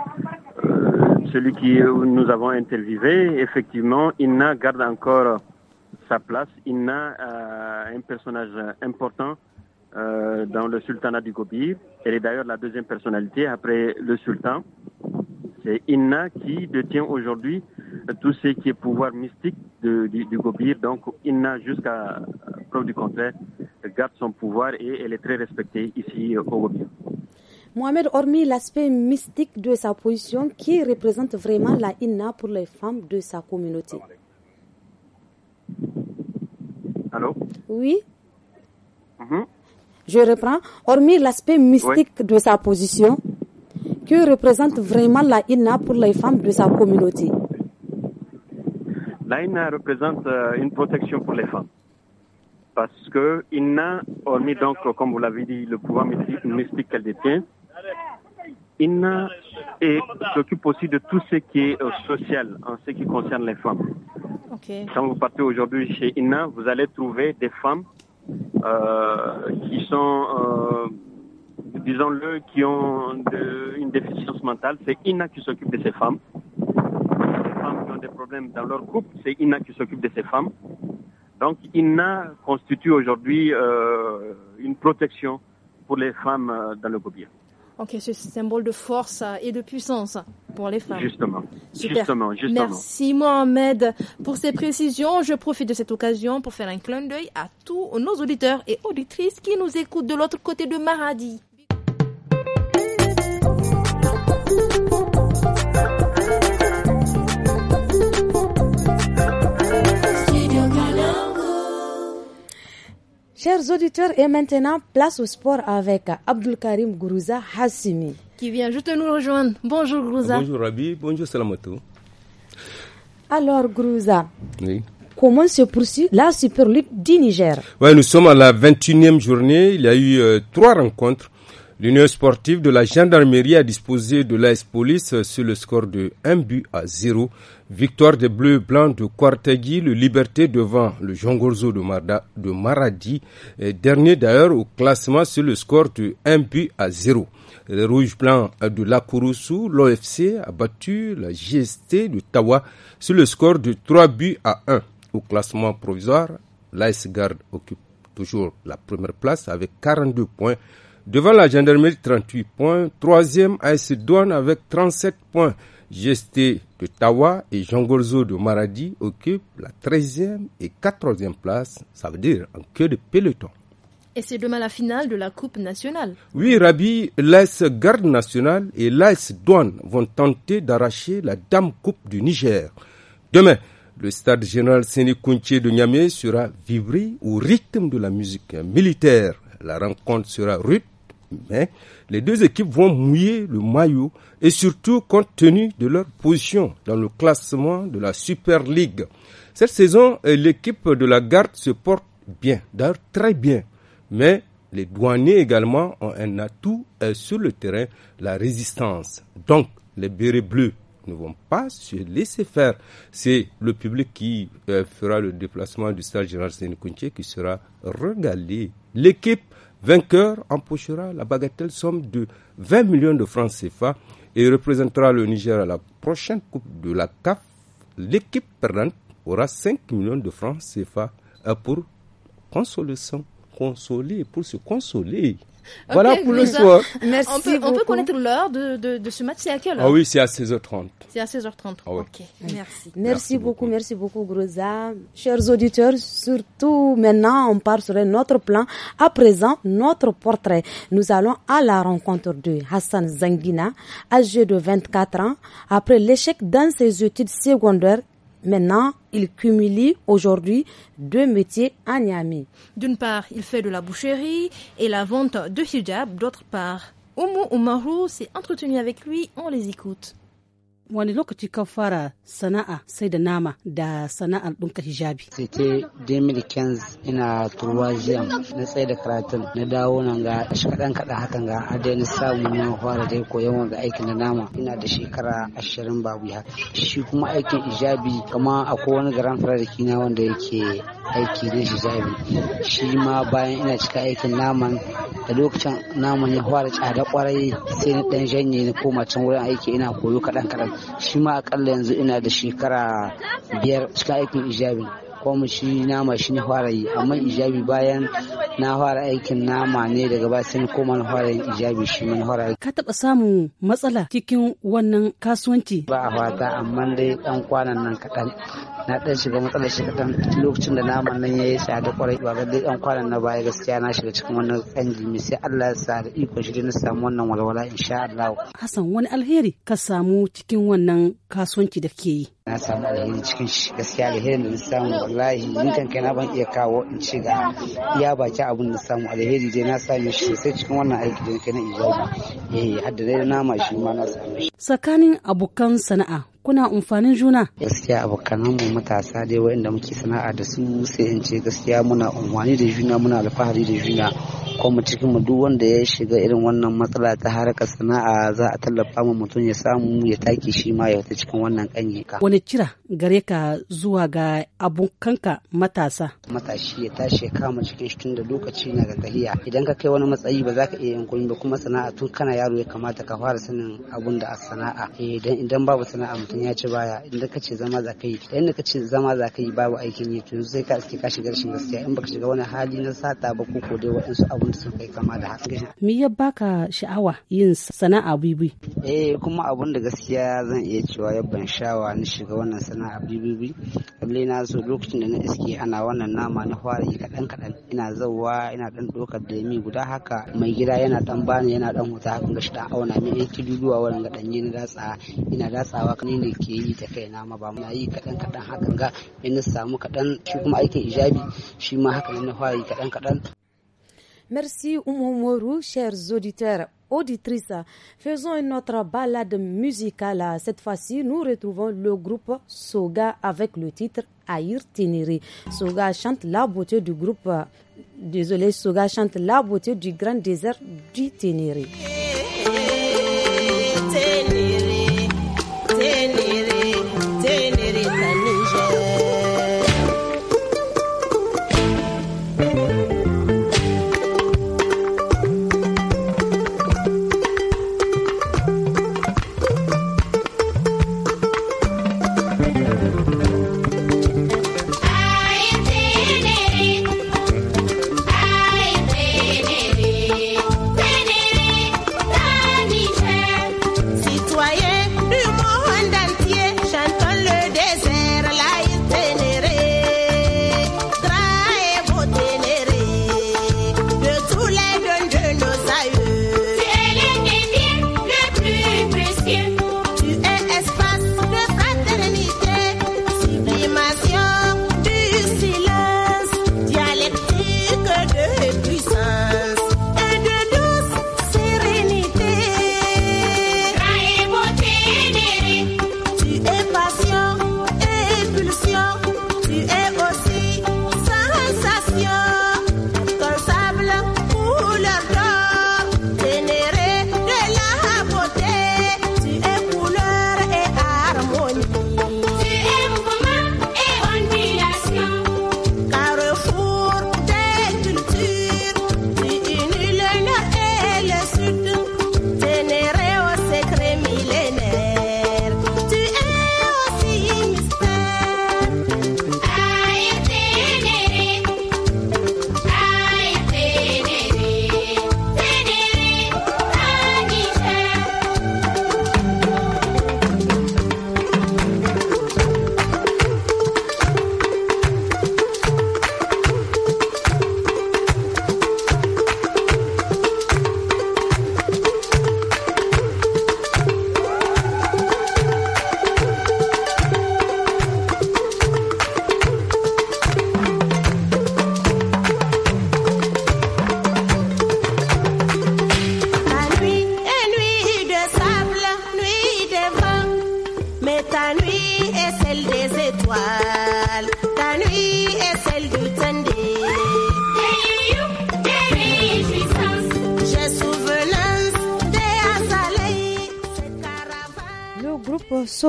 Speaker 11: celui qui nous avons interviewé, effectivement, Inna garde encore sa place. Inna est euh, un personnage important euh, dans le sultanat du Gobi. Elle est d'ailleurs la deuxième personnalité après le sultan. C'est Inna qui détient aujourd'hui tout ce qui est pouvoir mystique du, Gobir. Donc Inna, jusqu'à preuve du contraire, garde son pouvoir et elle est très respectée ici au Gobi.
Speaker 1: Mohamed, hormis l'aspect mystique de sa position, qui représente vraiment la Inna pour les femmes de sa communauté Allô Oui. Mm-hmm. Je reprends. Hormis l'aspect mystique de sa position, qui représente vraiment la INA pour les femmes de sa communauté
Speaker 11: La INA représente euh, une protection pour les femmes. Parce que Inna, hormis donc, comme vous l'avez dit, le pouvoir mystique qu'elle détient, il s'occupe aussi de tout ce qui est euh, social en ce qui concerne les femmes. Quand vous partez aujourd'hui chez INA, vous allez trouver des femmes euh, qui sont, euh, disons-le, qui ont une déficience mentale. C'est INA qui s'occupe de ces femmes. Les femmes qui ont des problèmes dans leur couple, c'est INA qui s'occupe de ces femmes. Donc INA constitue aujourd'hui une protection pour les femmes dans le gobier.
Speaker 2: Ok, ce symbole de force et de puissance pour les femmes. Justement. Justement, justement. Merci Mohamed pour ces précisions. Je profite de cette occasion pour faire un clin d'œil à tous nos auditeurs et auditrices qui nous écoutent de l'autre côté de Maradi.
Speaker 1: Chers auditeurs, et maintenant, place au sport avec Abdulkarim Gourouza Hassimi.
Speaker 2: Qui vient juste nous rejoindre. Bonjour Gourouza.
Speaker 12: Bonjour Rabi, bonjour Salamato.
Speaker 1: Alors Gourouza. Comment se poursuit la Super League du Niger
Speaker 12: Oui, nous sommes à la 21e journée. Il y a eu euh, trois rencontres L'Union sportive de la gendarmerie a disposé de l'AS Police sur le score de 1 but à 0. Victoire des Bleus Blancs de Quartegui, le Liberté devant le Jongorzo de, de Maradi, dernier d'ailleurs au classement sur le score de 1 but à 0. Les Rouges Blancs de Lakurusu, l'OFC a battu la GST de Tawa sur le score de 3 buts à 1. Au classement provisoire, l'AS Garde occupe toujours la première place avec 42 points Devant la gendarmerie, 38 points. Troisième, AS Douane avec 37 points. Gesté de Tawa et Jean Gorzo de Maradi occupent la 13e et 14e place, ça veut dire en queue de peloton.
Speaker 2: Et c'est demain la finale de la Coupe nationale.
Speaker 12: Oui, Rabi, l'AS Garde nationale et l'AS Douane vont tenter d'arracher la Dame Coupe du Niger. Demain, le stade général Séné Kounché de Niamey sera vibré au rythme de la musique militaire. La rencontre sera rude mais les deux équipes vont mouiller le maillot et surtout compte tenu de leur position dans le classement de la Super League. Cette saison, euh, l'équipe de la garde se porte bien, d'ailleurs très bien. Mais les douaniers également ont un atout euh, sur le terrain, la résistance. Donc, les bérets bleus ne vont pas se laisser faire. C'est le public qui euh, fera le déplacement du stade Gérard contier qui sera regalé. L'équipe vainqueur empochera la bagatelle somme de 20 millions de francs CFA et représentera le Niger à la prochaine Coupe de la CAF. L'équipe perdante aura 5 millions de francs CFA pour consoler, consoler, pour se consoler. Voilà pour le soir. On peut,
Speaker 2: connaître l'heure de, de, ce match, c'est à quelle
Speaker 1: heure Ah oui,
Speaker 12: c'est à 16h30. C'est à 16h30. Ah ok,
Speaker 2: merci. merci. beaucoup, merci beaucoup, Groza.
Speaker 1: Chers auditeurs, surtout maintenant, on part sur notre plan. À présent, notre portrait. Nous allons à la rencontre de Hassan Zangina, âgé de 24 ans, après l'échec dans ses études secondaires Maintenant, il cumule aujourd'hui deux métiers
Speaker 2: à Niamey. D'une part, il fait de la boucherie et la vente de hijab, d'autre part. Oumu Oumaru s'est entretenu avec lui, on les écoute.
Speaker 1: wani lokaci ka fara sana'a sai da nama da sana'ar
Speaker 13: ɗinka hijabi site Demir Kenz ina jiya na tsaye da karatun na dawo nan ga shi kaɗan kaɗan hakan ga a daina samu na fara dai koyon wanga aikin na nama ina da shekara ashirin babu ya. shi kuma aikin hijabi kama akwai wani garan fara da kina wanda yake aiki ne shi zabi shi ma bayan ina cika aikin naman da lokacin naman ya fara tsada kwarai sai na dan janye na koma can wurin aiki ina koyo kadan kadan shi ma akalla yanzu ina da shekara biyar cika aikin ijabi ko shi nama shi na fara yi amma ijabi bayan na fara aikin nama ne daga baya sai koma na fara yin ijabi shi man fara ka taba samun matsala cikin wannan kasuwanci ba a fata amma dai dan kwanan nan kadan na dan shiga matsalar shi kadan lokacin da naman nan yayi tsada kwarai ba dai dan kwanan na baya gaskiya na shiga cikin wannan tsangi mai sai Allah ya sa da iko shi na samu wannan walwala insha Allah Hassan wani alheri
Speaker 1: ka samu cikin wannan kasuwanci da ke yi
Speaker 13: na samu alheri cikin shi gaskiya alherin da na samu wallahi in kan kai na ban iya kawo in ce ga iya baki abin da samu alheri dai na samu shi sosai cikin wannan aiki da kai na ijabi eh hadda dai nama shi ma na samu shi tsakanin abokan sana'a kuna amfanin juna gaskiya abokanan mu matasa dai waɗanda muke sana'a da su sai in ce gaskiya muna amfani da juna muna alfahari da juna mu cikin mu duk wanda ya shiga irin wannan matsala ta haraka sana'a za a tallafa mu mutum ya samu ya take shi ma ya fita cikin wannan kanye ka wani cira gare ka zuwa ga abokanka matasa matashi ya tashi ya kama cikin shi da lokaci na ga tahiya idan ka kai wani matsayi ba za ka iya yankuri ba kuma sana'a tun kana yaro ya kamata ka fara sanin abun da a sana'a idan eh, idan babu sana'a mutum mutum ya ci baya inda ka ce zama za ka yi inda ka ce zama za ka yi babu aikin yi to sai ka iske ka shiga rashin gaskiya in baka shiga wani hali na sata ba ko dai waɗansu abun da sun kai kama da haka. Me ya baka sha'awa yin sana'a bibi? Eh kuma abun da gaskiya zan iya cewa ya ban sha'awa na shiga wannan sana'a bibi lalle na so lokacin da na iske ana wannan nama na fara yi kaɗan kaɗan ina zauwa ina ɗan ɗaukar da mi guda haka mai gida yana ɗan bani yana ɗan huta haka ga shi ɗan auna min ɗan duduwa wannan ga ɗanye datsa ina datsawa kan
Speaker 1: Merci chers auditeurs, auditrices. Faisons une autre balade musicale. Cette fois-ci, nous retrouvons le groupe Soga avec le titre Aïr Ténéré. Soga chante la beauté du groupe. Désolé, Soga chante la beauté du grand désert du Ténéré.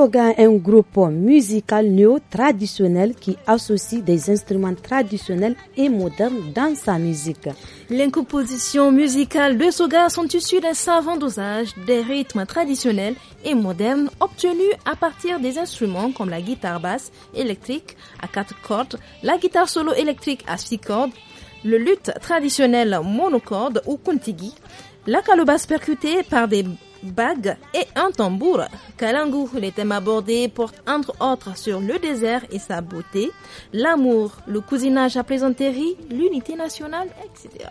Speaker 1: Soga est un groupe musical néo-traditionnel qui associe des instruments traditionnels et modernes dans sa musique. Les compositions
Speaker 2: musicales de Soga sont issues d'un savant dosage des rythmes traditionnels et modernes obtenus à partir des instruments comme la guitare basse électrique à quatre cordes, la guitare solo électrique à six cordes, le luth traditionnel monocorde ou kontigi, la calebasse percutée par des bagues et un tambour. Kalangu, les thèmes abordés portent entre autres sur le désert et sa beauté, l'amour, le cousinage à plaisanterie, l'unité nationale, etc.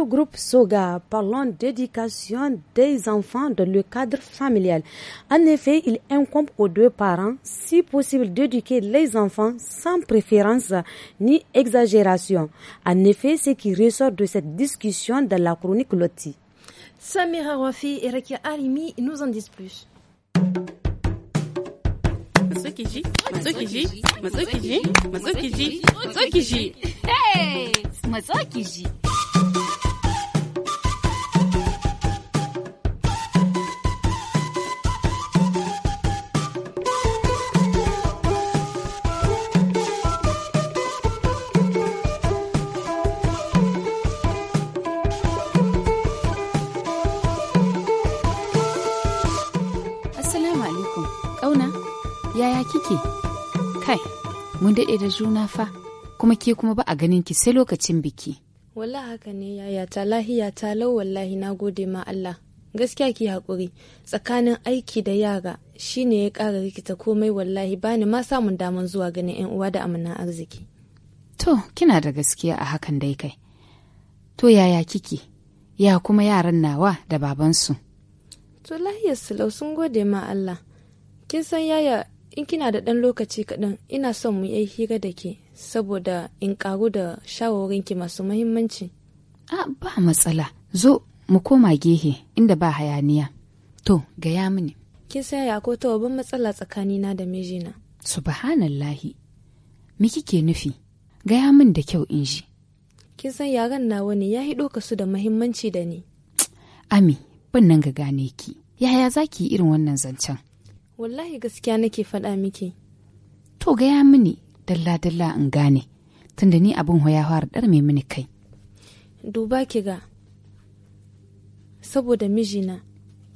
Speaker 1: le groupe SOGA, parlant d'éducation des enfants dans le cadre familial. En effet, il incombe aux deux parents, si possible, d'éduquer les enfants sans préférence ni exagération. En effet, ce qui ressort de cette discussion dans la chronique Loti.
Speaker 2: Samira Wafi et Rekia Alimi nous en disent plus.
Speaker 7: Kiji matsukiji Kiji matsukiji matsukiji
Speaker 6: hey Kiji kike kai mun daɗe da juna fa kuma ke kuma ba a ganin ki sai lokacin biki
Speaker 8: wallahi haka ne yaya ta lahiya ta lau wallahi na gode ma Allah gaskiya ki haƙuri tsakanin aiki da yara shine ya ƙara rikita komai wallahi bani ma samun daman zuwa ganin 'yan uwa da amanan arziki
Speaker 6: to kina da gaskiya a hakan dai kai to yaya kiki ya kuma yaran nawa da babansu
Speaker 8: to lahiyar silau sun gode ma Allah kin san yaya in kina da ɗan lokaci kaɗan ina son mu yi hira da ke saboda in ƙaru da ki masu mahimmanci A
Speaker 6: ba matsala, zo mu koma gehe inda ba hayaniya. To, gaya mini.
Speaker 8: Kin saya ko ta babban matsala tsakanina da mijina.
Speaker 6: Subhanallahi, me kike nufi? Gaya min da kyau in ji.
Speaker 8: Kin san yaran nawa ne ya yi ka da mahimmanci da ni.
Speaker 6: Ami, ban nan ga gane ki. Yaya zaki yi irin wannan zancen?
Speaker 8: wallahi gaskiya nake faɗa miki
Speaker 6: to gaya mini dalla dalla in gane tunda ni abin hoya har dar mai mini kai
Speaker 8: duba ki ga saboda mijina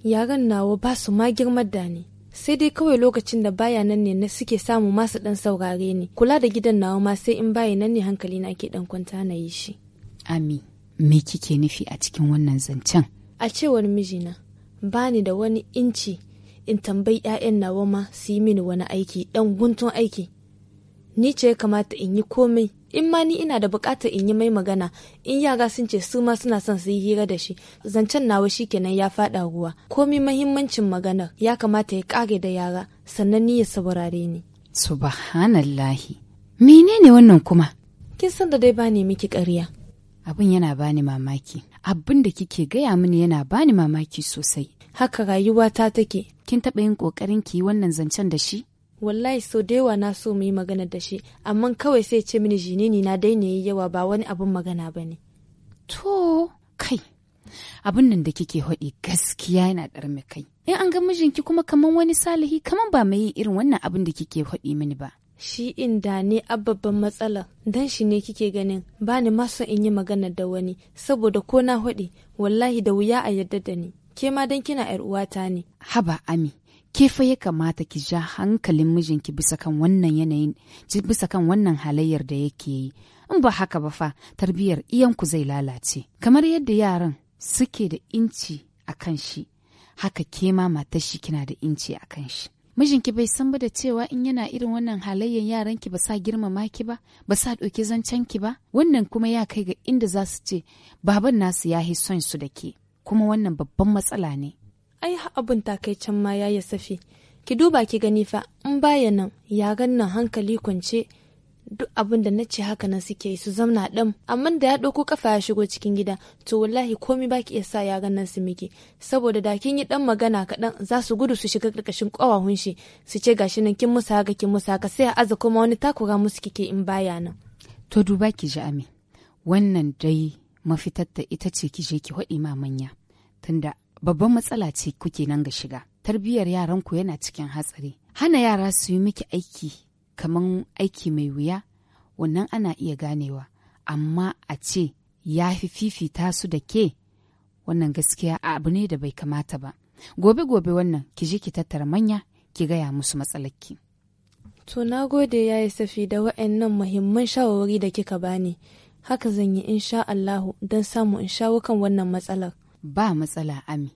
Speaker 8: yaran nawa ba su ma girmar da ni sai dai kawai lokacin da baya nan ne na suke samu masu dan saurare ni kula da gidan nawa ma sai in baya nan ne hankali na ke dan kwanta na yi shi ami
Speaker 6: me kike nufi a cikin wannan zancen
Speaker 8: a cewar mijina bani da wani inci in tambayi 'ya'yan nawa ma su yi mini wani aiki ɗan guntun aiki ni ce ya kamata in yi komai in ma ni ina da bukatar in yi mai magana in yara sun ce su ma suna son su yi hira da shi zancen nawa kenan ya fada ruwa komai mahimmancin maganar ya kamata ya kare da yara sannan
Speaker 6: ni ya saurare ni subhanallahi menene wannan kuma kin san da dai bani miki ƙarya abin yana bani mamaki abin da kike gaya mini yana bani mamaki sosai. Haka rayuwata take. Kin taɓa yin ƙoƙarin ki yi wannan zancen da shi?
Speaker 8: Wallahi so da yawa na so mu yi magana da shi, amma kawai sai ce mini jinini na daina yi yawa ba wani abin magana ba ne.
Speaker 6: To, kai, abin nan da kike haɗi gaskiya yana ɗarmi kai. In an ga mijinki kuma kaman wani salihi kaman ba mai irin wannan abin da kike haɗi mini ba.
Speaker 8: shi inda ne babban matsala dan shi ne kike ganin ba ni ma in yi magana da wani saboda ko na haɗe wallahi da wuya a yarda da ni
Speaker 6: ke ma dan kina yar uwata ne haba ami ke fa ya kamata ki ja hankalin mijinki bisa kan wannan yanayin bisa kan wannan halayyar da yake yi in ba haka ba fa tarbiyyar iyanku zai lalace kamar yadda yaran suke da inci a kan shi haka ke ma matar shi kina da inci a kan shi mijinki bai san ba da cewa in yana irin wannan halayyar yaranki ba sa girmama ki ba ba sa ɗauki zancen ki ba wannan kuma ya kai ga inda za su ce baban nasu ya hi son su da ke kuma wannan babban matsala ne
Speaker 8: ai abun takaicen ma ya safi ki duba ki gani fa in baya nan ya gannan hankali kwance duk abin da na ce haka nan suke su zamna ɗan amma da ya ɗauko kafa ya shigo cikin gida to wallahi komi baki iya sa yaran nan su miki saboda da kin yi ɗan magana kaɗan za su gudu su shiga ƙarƙashin ƙawahun shi su ce gashi nan kin musa haka kin musa haka sai a aza kuma wani takura musu kike in baya nan.
Speaker 6: To duba ki ji amin wannan dai mafitar da ita ce ki je ki haɗi ma manya tunda babban matsala ce kuke nan ga shiga tarbiyyar yaranku yana cikin hatsari hana yara su yi miki aiki kamar aiki mai wuya wannan ana iya ganewa amma a ce ya fi fifita su da ke wannan gaskiya abu ne da bai kamata ba gobe gobe wannan ki je ki tattara manya ki gaya musu matsalarki
Speaker 8: to na gode ya yi safi da wa'annan muhimman shawarwari da kika bani haka zan yi insha Allahu don samu in shawo kan wannan matsalar
Speaker 6: ba matsala ami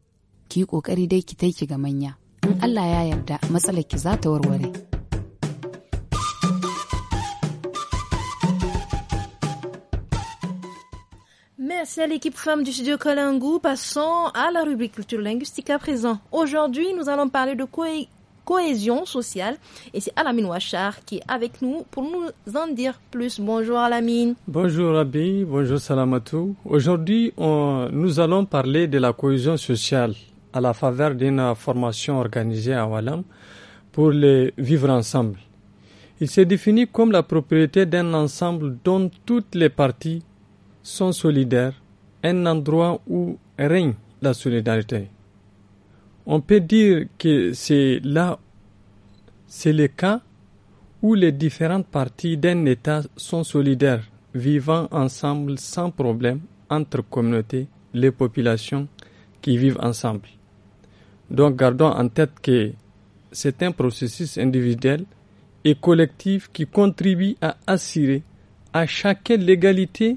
Speaker 6: ki yi kokari dai ki taiki ga manya in Allah ya yarda matsalar ki za ta warware
Speaker 2: Merci à l'équipe femme du studio Colingou. Passons à la rubrique culture linguistique à présent. Aujourd'hui, nous allons parler de cohésion sociale et c'est Alamine Ouachar qui est avec nous pour nous en dire plus. Bonjour Alamine.
Speaker 14: Bonjour Rabi, bonjour Salamatou. Aujourd'hui, nous allons parler de la cohésion sociale à la faveur d'une formation organisée à Walam pour les vivre ensemble. Il s'est défini comme la propriété d'un ensemble dont toutes les parties sont solidaires, un endroit où règne la solidarité. On peut dire que c'est là, c'est le cas où les différentes parties d'un État sont solidaires, vivant ensemble sans problème entre communautés, les populations qui vivent ensemble. Donc gardons en tête que c'est un processus individuel et collectif qui contribue à assurer à chacun l'égalité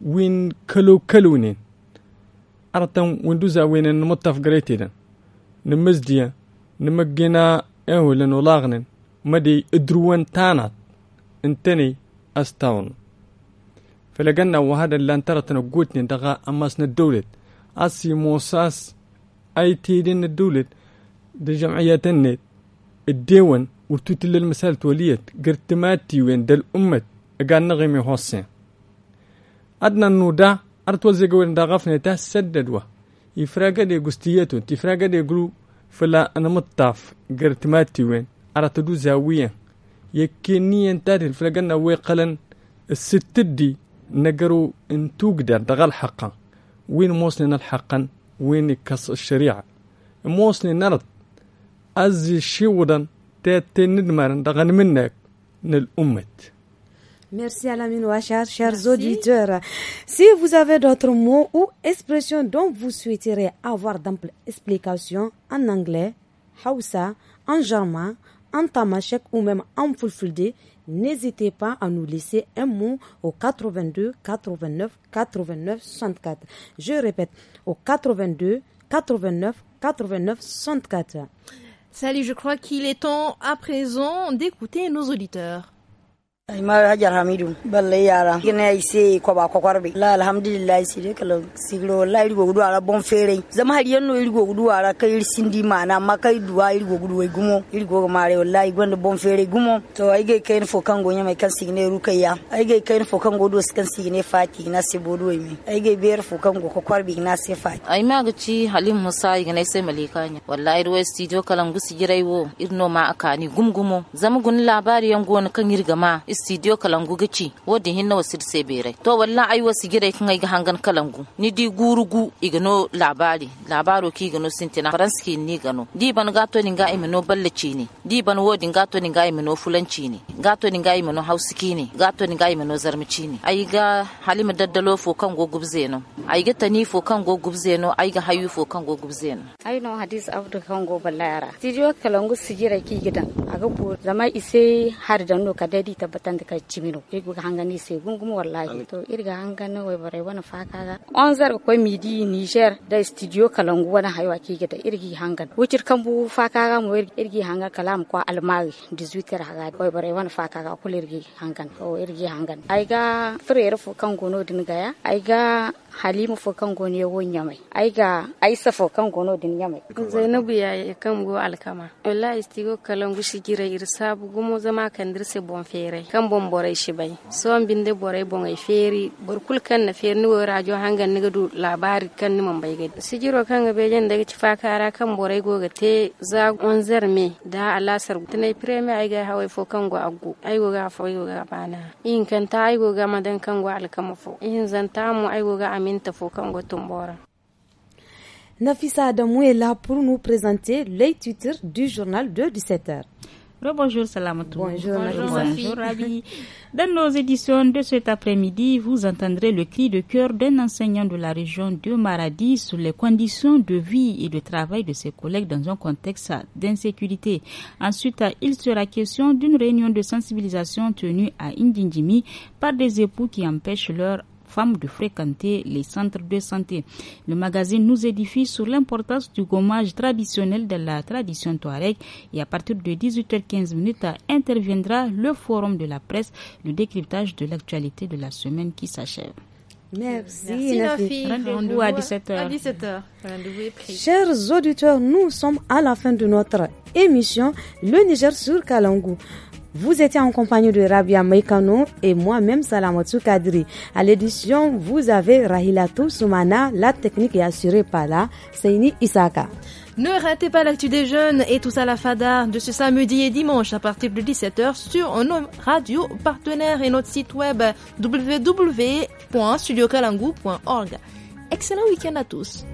Speaker 14: win kalowkalownen artan winduza wenen nima tafgaraytedan nima zdiya nima gena aholen olaagnen maday idruwan taanad intanay astawno falaganna wahadan lantaratana gootnen daqa amasna dowlad asi moosaas ay teedena dowlad da jamciyaataneed iddeewan wurtutilel masaalt waliyad gartamaatiwen dal ummad agaanaqime hooseen أدنى نودا أرتوزي قوين دا غفنة تسددوا يفراغا دي قستياتو تفراغا دي قلو فلا أنا مطاف قرتماتي وين أرتدو زاوية يكيني انتاد الفلاغنا ويقلن الستدي نقرو ان تقدر دغال حقا وين موصلنا الحقا وين كص الشريعة موصلنا نرد أزي شودا تاتي ندمر دغن منك أمت
Speaker 1: Merci à la Ouachar, chers auditeurs. Si vous avez d'autres mots ou expressions dont vous souhaiterez avoir d'amples explications en anglais, Hausa, en germain, en tamashek ou même en fulfulde, n'hésitez pas à nous laisser un mot au 82 89 89 64. Je répète, au 82 89 89 64.
Speaker 2: Salut, je crois qu'il est temps à présent d'écouter nos auditeurs.
Speaker 1: aimar hajar hamidu balle yara gina ya se kwaba kwakwarbe la alhamdulillah si de kala sigiro wallahi rigo gudu ara bon fere zama har
Speaker 7: yanno rigo gudu ara kai sindi mana makai duwa rigo gudu wai gumo rigo mare wallahi gwanda bon fere gumo to ai ga kai fo kan gonya mai kan signe rukayya ai ga kai fo kan godo kan sigine fati na se wai mai ai ga biyar fo kan
Speaker 6: go kwakwarbe na se fati
Speaker 7: ai ma ga ci halim musa gina sai malikanya wallahi ruwa studio kalan gusi giraiwo irno ma akani gumgumo zama gun labari yan gona kan yirgama studio kalangu gici wodi hinna wasir sebere to walla ai wasu gida kan ga hangan kalangu ni di gurugu igano labari labaro ki igano sintina franski ni gano di ban gato ni ga imino ballaci ni di ban wodi gato ni ga imino fulanci ni gato ni ga imino hausiki ni gato ni ga imino zarmici ni ai ga halima daddalo fo kan go gubze no ai ga tani fo kan go gubze no ai ga hayu fo kan go gubze no ai no hadis abdu kan go ballara studio kalangu sigira ki gidan aga ko zama ise har da no ka ta batanta ka cimino irgo hanga ni se gungumo wallahi to irga hanga na wai bare wana ga on zar ko midi niger da studio kalangu wana haywa ki gida irgi hanga wucir kan bu ga mo irgi hanga kalam ko almari 18 haga wai bare wana fakaga ga irgi hanga o irgi hanga ai ga fere fo kan gono din gaya ai ga halima fokan gono ya won yamai ai ga aisa fokan gono din yamai zainabu ya ya kan go alkama wallahi istigo kalon gushi gira irsa bu gumo zama kan dirse bon fere kan bon borai shi bai so an binde borai bon ai feri burkul kan na feri wo rajo hangan niga du labari kan ni man bai gadi sigiro kan ga bejen daga cifa kara kan borai go ga te za on zarme da alasar tunai premier ai ga hawai fokan go aggo ai go ga fo go ga bana in kan ta ai go ga madan kan go alkama fo in zanta mu ai go ga
Speaker 1: Nafisa Adamou est là pour nous présenter les titres du journal de 17h.
Speaker 7: Rebonjour Salamatou. Bonjour, Bonjour, Bonjour Dans nos éditions de cet après-midi, vous entendrez le cri de cœur d'un enseignant de la région de Maradi sur les conditions de vie et de travail de ses collègues dans un contexte d'insécurité. Ensuite, il sera question d'une réunion de sensibilisation tenue à Indindimi par des époux qui empêchent leur femmes de fréquenter les centres de santé. Le magazine nous édifie sur l'importance du gommage traditionnel de la tradition touareg et à partir de 18h15 interviendra le forum de la presse, le décryptage de l'actualité de la semaine qui s'achève.
Speaker 2: Merci, Merci Rendez-vous à 17h. Chers
Speaker 1: auditeurs, nous sommes à la fin de notre émission Le Niger sur Kalangou. Vous étiez en compagnie de Rabia Mekano et moi-même Salamotsu Kadri. À l'édition, vous avez Rahilatou Soumana, la technique est assurée par la Seini Isaka.
Speaker 2: Ne ratez pas l'actu des jeunes et tout à la fada de ce samedi et dimanche à partir de 17h sur nos radio partenaires et notre site web www.studiocalangou.org. Excellent week-end à tous.